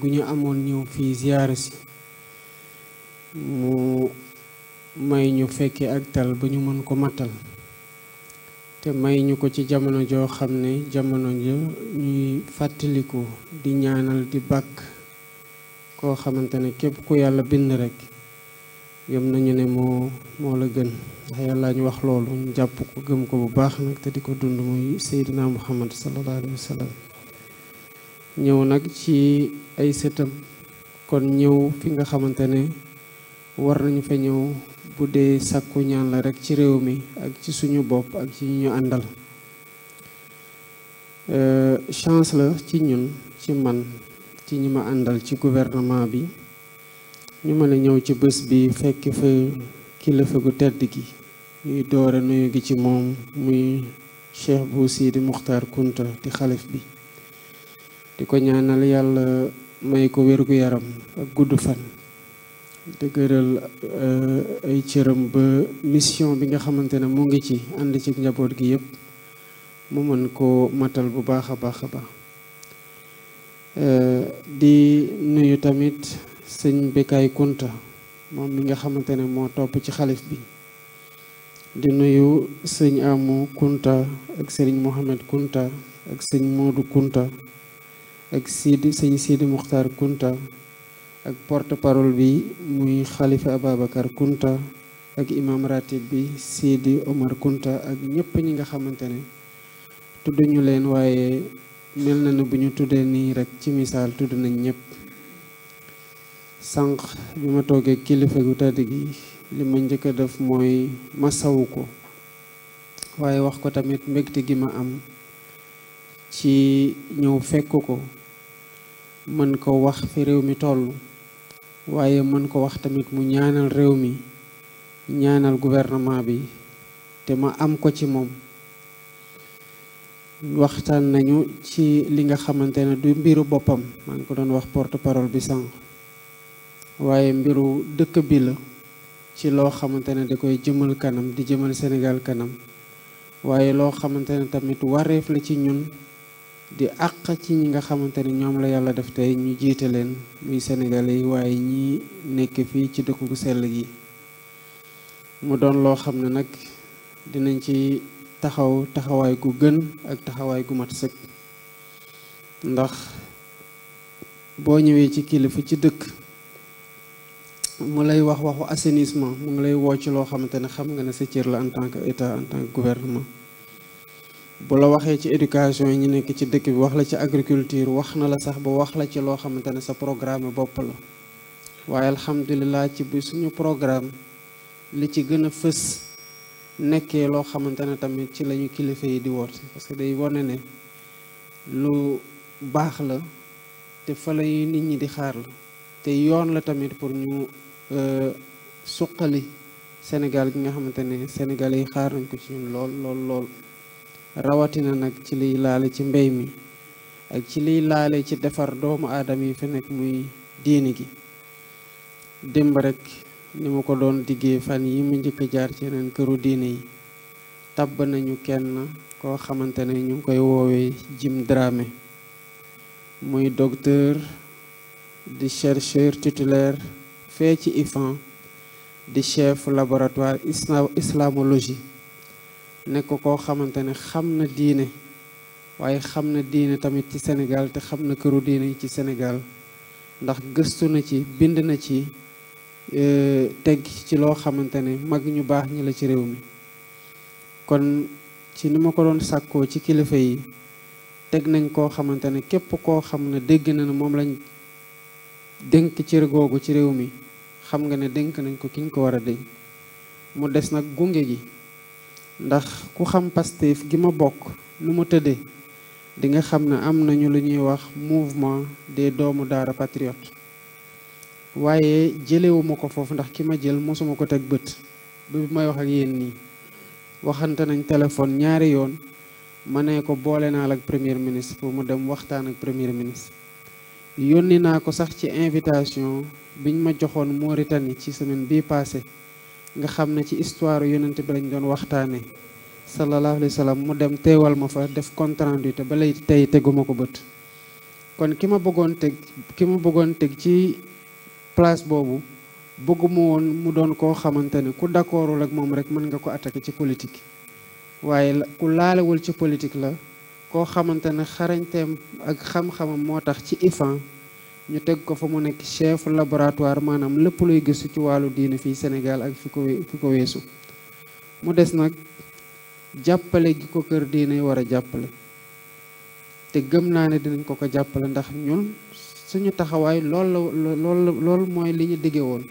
gu ñu amoon ñëw fii ziyaara si mu may ñu fekke ak tal ba ñu mën ko mattal te may ñu ko ci jamono joo xam ne jamono jo ñuy fàttaliku di ñaanal di bàkk koo xamante ne képp ku yàlla bind rekk yëm nañu ne moo moo la gën ndax yàlla ñu wax loolu ñu jàpp ko gëm ko bu baax nag te di ko dund muy Seydina Muhammad sallallahu alayhi wa sallam ñëw nag ci ay sëtam kon ñëw fi nga xamante ne war nañu fa ñëw bu dee sàkku ñaan la rek ci réew mi ak ci suñu bopp ak ci ñu àndal euh, chance la ci ñun ci man ci ñi ma àndal ci gouvernement bi ñu mën a ñëw ci bés bi fekk fa kilifa gu tedd gi ñuy doore nuyu gi ci moom muy Cheikh Bou Sidy Mokhtar Kounta di xalif bi di ko ñaanal yàlla may ko wérgu yaram ak gudd fan dëgëral eh, ay cëram ba mission bi nga xamante ne mu ngi ci ànd ci njaboot gi yëpp mu mën koo matal bu baax a baax a baax eh, di nuyu tamit sëñ Bekaay Kunta moom mi nga xamante ne moo topp ci xalif bi di nuyu sëñ Amu Kunta ak sëriñ Mohamed Kunta ak sëñ Moodu Kunta ak Sidi sëñ Sidi Muxtaar Kunta ak porte parole bi muy xalifa Ababacar Kunta ak imam ratib bi Sidi Omar Kunta ak ñëpp ñi nga xamante ne tudd ñu leen waaye mel na bu ñu tuddee nii rek ci misaal tudd nañ ñëpp sànq bima ma toogee kilifa gu tedd gi lima ma njëkk a def mooy ma sawu ko waaye wax ko tamit mbegte gi ma am ci ñëw fekk ko mën ko wax fi réew mi toll waaye mën ko wax tamit mu ñaanal réew mi ñaanal gouvernement bi te ma am ko ci moom waxtaan nañu ci li nga xamante ne du mbiru boppam maa ngi ko doon wax porte parole bi sànq waaye mbiru dëkk bi la ci loo xamante ne da koy jëmal kanam di jëmal Sénégal kanam waaye loo xamante ne tamit wareef la ci ñun di àq ci ñi nga xamante ni ñoom la yàlla def tey ñu jiite leen muy sénégalais yi waaye ñii nekk fii ci dëkku sell gi mu doon loo xam ne nag dinañ ci taxaw taxawaay gu gën ak taxawaay gu mat ndax boo ñëwee ci kilifa ci dëkk mu lay wax waxu assainissement mu ngi lay woo ci loo xamante ne xam nga ne sa cër la en tant que état en tant que gouvernement bu la waxee ci éducation yi ñu nekk ci dëkk bi wax la ci agriculture wax na la sax ba wax la ci loo xamante ne sa programme bopp la waaye alhamdulilah ci bi suñu programme li ci gën a fës nekkee loo xamante ne tamit ci lañu kilifa yi di woote parce que day wane ne lu baax la te fa lañuy nit ñi di xaar la te yoon la tamit pour ñu euh, suqali Sénégal gi nga xamante ne Sénégalais yi xaar nañ ko ci ñun lool lool lool rawatina nag ci liy laale ci mbéy mi ak ci liy laale ci defar doomu aadama yi fi nekk muy diini gi démb rek ni ma ko doon diggee fan yi mu njëkk jaar ci yeneen këru diine yi tàbb nañu kenn koo xamante ne ñu ngi koy woowee Jim drame muy docteur di chercheur titulaire fee ci IFAN di chef laboratoire islamologie nekk koo xamante ne xam na diine waaye xam na diine tamit ci senegal te xam na këru diine yi ci senegal ndax gëstu na ci bind na ci e, teg ci loo xamante ne mag ñu baax ñi la ci réew mi kon ci ni ma ko doon sàkkoo ci kilifa yi teg nañ koo xamante ne képp koo xam ne dégg na ne moom lañ dénk cër googu ci réew mi xam nga ne dénk nañ ko kiñ ko war a dénk mu des nag gunge gi ndax ku xam Pastef gi ma bokk lu ma tëddee di nga xam ne am nañu lu ñuy wax mouvement des doomu daara patriote waaye jëlewuma ko foofu ndax ki ma jël mosuma ko teg bët bi may wax ak yéen nii waxante nañ téléphone ñaari yoon ma ne ko boole naa la ak premier ministre pour mu dem waxtaan ak premier ministre yónni naa ko sax ci invitation biñ ma joxoon Mauritanie ci semaine bi passé nga xam ne ci histoire yonent bi lañ doon waxtaane sallallahu alayhi wa mu dem teewal ma fa def compte rendu ba lay tey teguma ko bët kon ki ma bëggoon teg ki ma bëggoon teg ci place boobu bëgguma woon mu doon koo xamante ne ku d'accordul ak moom rek mën nga ko attaqué ci politique waaye ku laalewul ci politique la koo xamante ne xarañteem ak xam-xamam moo tax ci ifan ñu teg ko fa mu nekk chef laboratoire maanaam lépp luy su ci wàllu diine fii Sénégal ak fi ko fi ko weesu mu des nag jàppale gi ko kër diine war a jàppale te gëm naa ne dinañ ko ko jàppale ndax ñun suñu taxawaay loolu la loolu mooy li ñu digge woon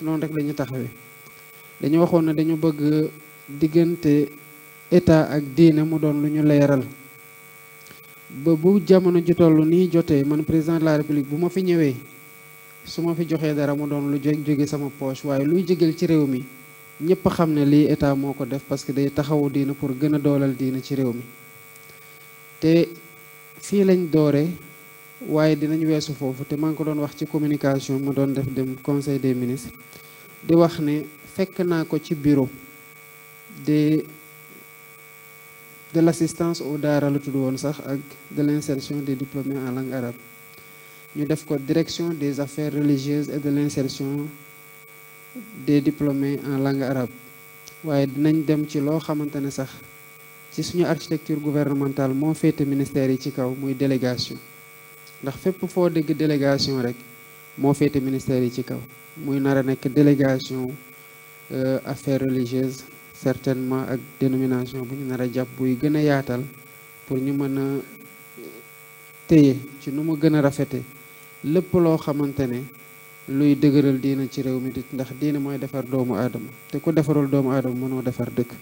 noonu rek ñu taxawee dañu waxoon ne dañu bëgg diggante état ak diine mu doon lu ñu leeral ba bu jamono ji toll ni jotee man président de la république bu ma fi ñëwee su ma fi joxee dara mu doon lu jóge sama poche waaye luy jégel ci réew mi ñëpp xam ne lii état moo ko def parce que day taxawu diina pour gën a doolal diina ci réew mi te fii lañ doore waaye dinañ weesu foofu te maa ngi ko doon wax ci communication ma doon def dem conseil des ministres di wax ne fekk naa ko ci bureau de de l'assistance au daara la tudd woon sax ak de l'insertion des diplômés en langue arabe ñu def ko direction des affaires religieuses et de l'insertion des diplômés en langue arabe waaye dinañ dem ci loo xamante ne sax ci suñu architecture gouvernementale moo féete ministère yi ci kaw muy délégation ndax fépp foo dégg délégation rek moo féete ministère yi ci kaw muy nar a nekk délégation euh, affaires religieuses certainement ak dénomination bu ñu nar a jàpp buy gën a yaatal pour ñu mën a téye ci nu mu gën a rafete lépp loo xamante ne luy dëgëral diina ci réew mi di ndax diina mooy defar doomu aadama te ko defarul doomu aadama mënoo defar dëkk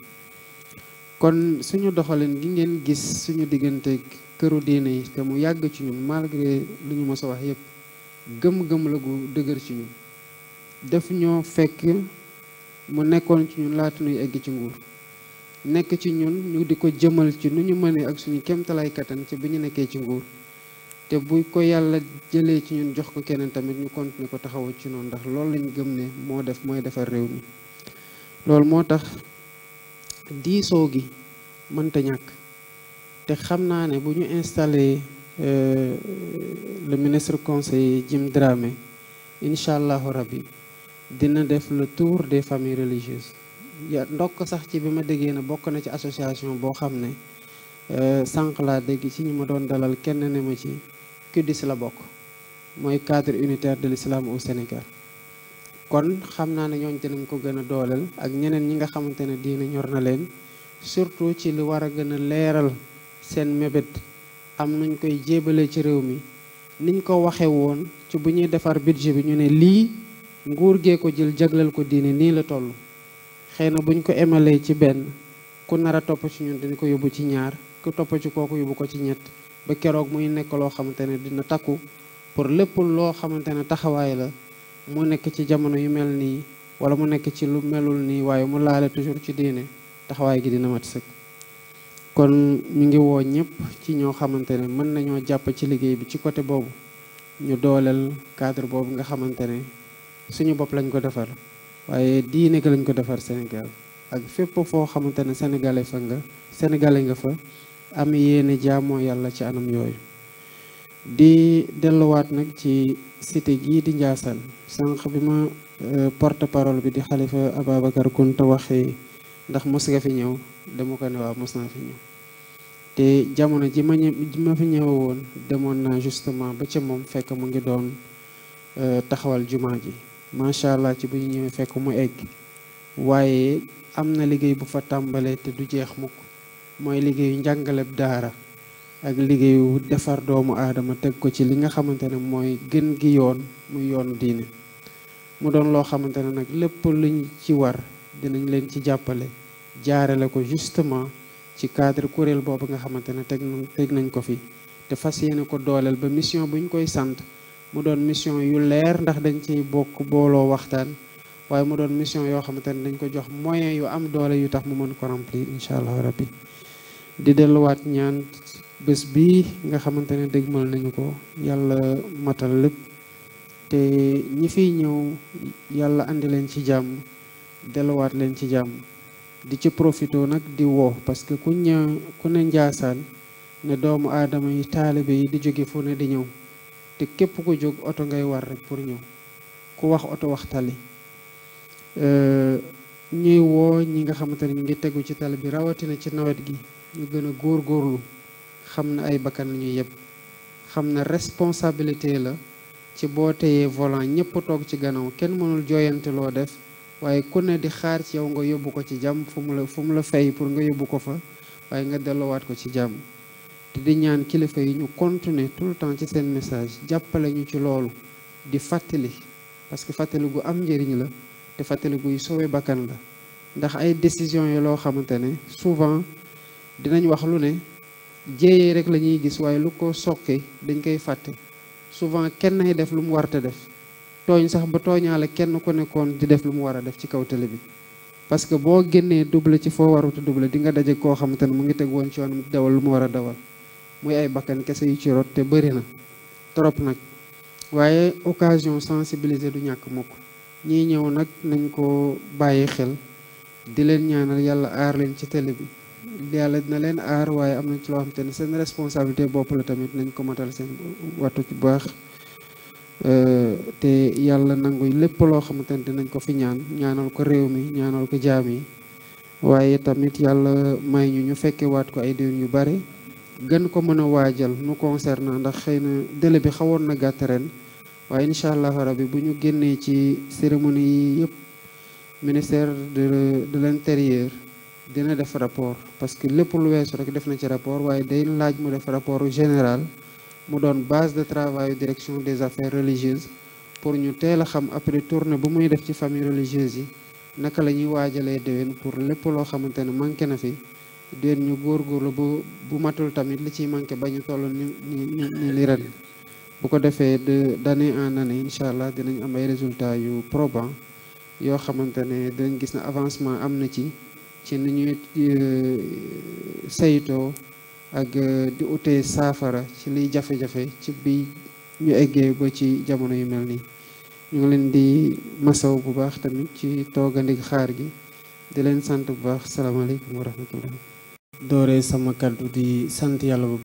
kon suñu doxalin gi ngeen gis suñu diggante këru diina yi te mu yàgg ci ñun malgré lu ñu mës a wax yépp gëm-gëm la gu dëgër ci ñun daf ñoo fekk mu nekkoon ci ñun laata nuy egg ci nguur nekk ci ñun ñu di ko jëmal ci nu ñu mënee ak suñu kéemtalaay kattan ci bi ñu nekkee ci nguur te bu ko yàlla jëlee ci ñun jox ko keneen tamit ñu continuer ko taxawu ci noonu ndax loolu lañu gëm ne moo def mooy defar réew mi loolu moo tax diisoo gi mënta ñàkk te xam naa ne bu ñu installé euh, le ministre conseil Jim Dramé incha allahu rabbi dina def le tour des familles religieuses ya ndokk sax ci bi ma déggee na bokk na ci association boo xam ne euh, sànq laa dégg ci ñi ma doon dalal kenn ne ma ci kuddis la bokk mooy cadre unitaire de l'islam au Sénégal kon xam naa ne ñooñ dinañ ko gën a dooleel ak ñeneen ñi nga xamante ne diine ñor na leen surtout ci li war a gën a leeral seen mébét am nañ koy jébalee ci réew mi niñ ko waxee woon ci bu ñuy defar budget bi ñu ne lii nguur gee ko jël jagleel ko diine nii la toll xëy na buñ ko emalee ci benn ku nar a topp ci ñun dina ko yóbbu ci ñaar ku topp ci kooku yóbbu ko ci ñett ba keroog muy nekk loo xamante ne dina takku pour lépp loo xamante ne taxawaay la mu nekk ci jamono yu mel nii wala mu nekk ci lu melul nii waaye mu laale toujours ci diine taxawaay gi dina mat sëkk. kon mi ngi woo ñëpp ci ñoo xamante ne mën nañoo jàpp ci liggéey bi ci côté boobu ñu dooleel cadre boobu nga xamante ne. suñu bopp lañ ko defar waaye diine gi lañ ko defar Sénégal ak fépp foo xamante ne sénégalais fa nga sénégalais nga fa am yéene jaamoo yàlla ci anam yooyu di delluwaat nag ci cité gii di Ndiassane sànq bi ma euh, porte parole bi di xalifa Ababacar Kounta waxee ndax mos nga fi ñëw dama ko ne waaw mos naa fi ñëw te jamono ji ma ji ma fi ñëw woon demoon naa justement ba ca moom fekk mu ngi doon euh, taxawal jumaa ji macha allah ci bu ñu ñëwee fekk mu egg waaye am na liggéey bu fa tàmbalee te du jeex mukk mooy liggéeyu njàngale bu daara ak liggéeyu defar doomu aadama teg ko ci li nga xamante ne mooy gën gi yoon muy yoonu diine mu doon loo xamante ne nag lépp luñ ci war dinañ leen ci jàppale jaarale ko justement ci cadre kuréel boobu nga xamante ne teg nañ teg nañ ko fi te fas yéene ko dooleel ba mission buñ koy sant mu doon mission yu leer ndax dañ ciy bokk booloo waxtaan waaye mu doon mission yoo xamante ne dañ ko jox moyen yu am doole yu tax mu mën ko remplir incha allah rabbi di delluwaat ñaan bés bii nga xamante ne dégmal nañu ko yàlla matal lépp te ñi fi ñëw yàlla indi leen ci jàmm delluwaat leen ci jàmm di ci profito nag di woo parce que ku ña ku ne njaasaan ne doomu aadama yi taalibe yi di jóge fu ne di ñëw te képp ku jóg oto ngay war rek pour ñëw ku wax oto wax tali ñuy woo ñi nga xamante ne ñu ngi tegu ci tali bi rawatina ci nawet gi ñu gën a góorgóorlu xam na ay bakkan la ñuy yëpp xam na responsabilité la ci boo teyee volant ñëpp toog ci gannaaw kenn mënul jooyante loo def waaye ku ne di xaar ci yow nga yóbbu ko ci jàmm fu mu la fu mu la fay pour nga yóbbu ko fa waaye nga delluwaat ko ci jàmm di ñaan kilifa yi ñu continuer tout le temps ci seen message jàppale ñu ci loolu di fàttali parce que fàttali gu am njëriñ la te fàttali guy sowe bakkan la ndax ay décisions yi loo xamante ne souvent dinañ wax lu ne jéeyee rek la ñuy gis waaye lu ko sokke dañ koy fàtte souvent kenn ay def lu mu warta def tooñ sax ba tooñaale kenn ku nekkoon di def lu mu war a def ci kaw télé bi parce que boo génnee double ci foo warut double di nga daje koo xamante ne mu ngi teg woon ci yoonam dawal lu mu war a dawal muy ay bakkan kese yu ci rot te bëri na trop nag waaye occasion sensibiliser du ñàkk mokk ñi ñëw nag nañ ko bàyyi xel di leen ñaanal yàlla aar leen ci télé bi yàlla dina leen aar waaye am nañ ci loo xam te seen responsabilité bopp la tamit nañ ko matal seen wattu ci baax euh, te yàlla nangu lépp loo xamante ne dinañ ko fi ñaan ñaanal ko réew mi ñaanal ko jaam yi waaye tamit yàlla may ñu ñu fekke waat ko ay déwén yu bare gën ko mën a waajal nu concernant ndax xëy na délai bi xawoon na gàtt ren waaye incha allahu rabbi bu ñu génnee ci cérémonie yi yëpp ministère de de l'intérieur dina def rapport parce que lépp lu weesu rek def na ci rapport waaye day laaj mu def rapport général mu doon base de travail direction des affaires religieuses pour ñu teel a xam après tournée bu muy def ci famille religieuse yi naka la ñuy waajalee déwén pour lépp loo xamante ne manqué na fi déen ñu góorgóorlu bu bu matul tamit li ciy manqué ba ñu toll ni ni li ren bu ko defee de d'année en année incha allah dinañ am ay résultat yu probants yoo xamante ne dinañ gis na avancement am na ci ci ni ñuy euh, sayto ak euh, di utee saafara ci liy jafe-jafe ci bi ñu eggee ba ci jamono yu mel nii ñu ngi leen di masow bu baax tamit ci toogandig xaar gi di leen sant bu baax salaamaaleykum wa rahmatullah dooree sama kàddu di sant yàlla bu